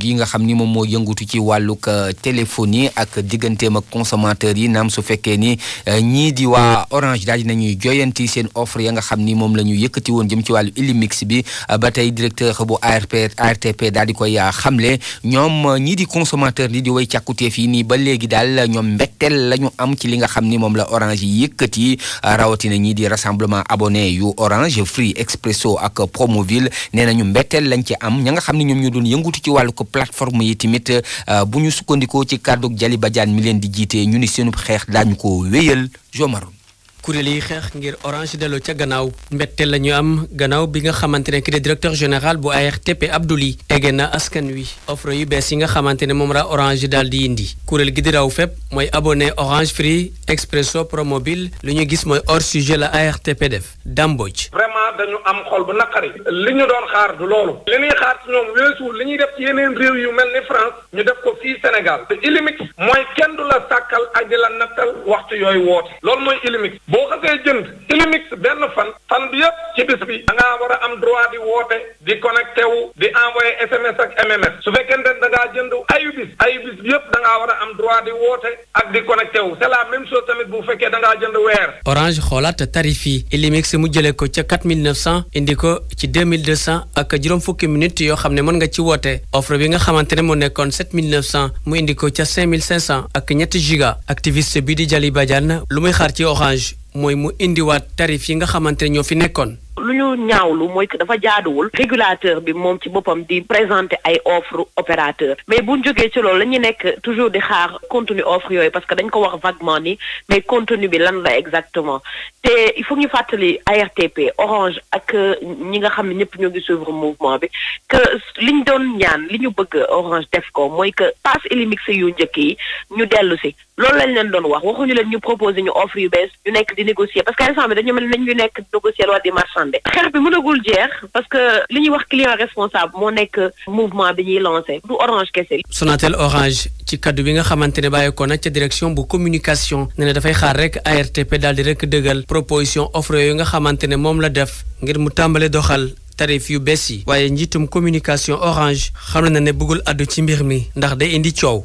gi nga xam ni moom moo yëngutu ci wàllug euh, téléphonie ak digganteem ak consommateur yi naam su fekkee ni euh, ñii di waa Orange daal di nañuy joyanti seen offre ya nga xam ni moom la ñu yëkkati woon jëm ci wàllu Illimix bi euh, ba tey directeur bu ARP daal di koy xamle ñoom ñii di consommateur di di way càkkuteef yi nii ba léegi daal ñoom mbetteel lañu am ci li nga xam ni moom la Orange yi yëkkati rawatina ñii di rassemblement abonné yu Orange Free Expresso ak Promoville nee nañu mbetteel lañ ci am ña nga xam ni ñoom ñu doon yëngutu ci wàllu ko plateforme yi tamit euh, bu ñu sukkandikoo ci kàddug Jali Badiane mi leen di jiite ñu ni seenub xeex daañu ko wéyal jomaroon kuréel yi xeex ngir orange delloo ca gannaaw mbetteel la ñu am gannaaw bi nga xamante ne ki de directeur général bu ARTP Abdouli ege na askan wi offre yu bees yi nga xamante ne moom la orange daal di indi kuréel gi di raw fépp mooy abonné orange free expresso promobile li ñu gis mooy hors sujet la ARTP def damboj vraiment dañu am xol bu naqari li ñu doon xaar du loolu li ñuy xaar ci ñoom weesu li ñuy def ci yeneen réew yu mel ni France ñu def ko fii Sénégal la sàkkal ak di la nattal waxtu yooyu woote boo xasee jënd Illimix benn fan fan bi yëpp ci bis bi da war am droit di woote di connecté di envoyé SMS ak MMS su fekkente ne da jënd ayu bis bi yëpp da war am droit di woote ak di connecté wu c'est la même bu fekkee da jënd weer. Orange xoolaat tarif Illimix mu jëlee ko ca quatre mille neuf cent indi ko ci deux mille deux cent ak juróom fukki minutes yoo xam ne mën nga ci woote offre bi nga xamante ne moo nekkoon sept mille cent mu indi ko ca cinq cent ak ñetti giga activiste bi di Jali lu muy xaar ci Orange. mooy mu indiwaat tarif yi nga xamante ne ñoo fi nekkoon lu ñu ñaawlu mooy que dafa jaaduwul régulateur bi moom ci boppam di présenter ay offre opérateur mais bu ñu ci loolu la ñuy nekk toujours di xaar contenu offre yooyu parce que dañ ko wax vaguement ni mais contenu bi lan la exactement te il faut ñu fàttali ARTP Orange ak ñi nga xam ne ñëpp ñoo ngi suivre mouvement bi que ñu doon ñaan li ñu bëgg Orange def ko mooy que pass illimité yu njëkk yi ñu dellu si loolu lañ leen doon wax waxuñu leen ñu proposer ñu offre yu bees ñu nekk di négocier de bi mënagul jeex parce que li ñuy wax client responsable moo nekk mouvement bi ñuy lancé Sonatel orange ci kaddu bi nga xamante ne bàyyeekoo na ca direction bu communication ne ne dafay xaar rek ARTP daal di rek dëggal proposition offre yooyu nga xamante ne moom la def ngir mu tàmbalee doxal. tarif yu bees yi waaye njiitum communication orange xam na ne bëggul àddu ci mbir mi ndax day indi coow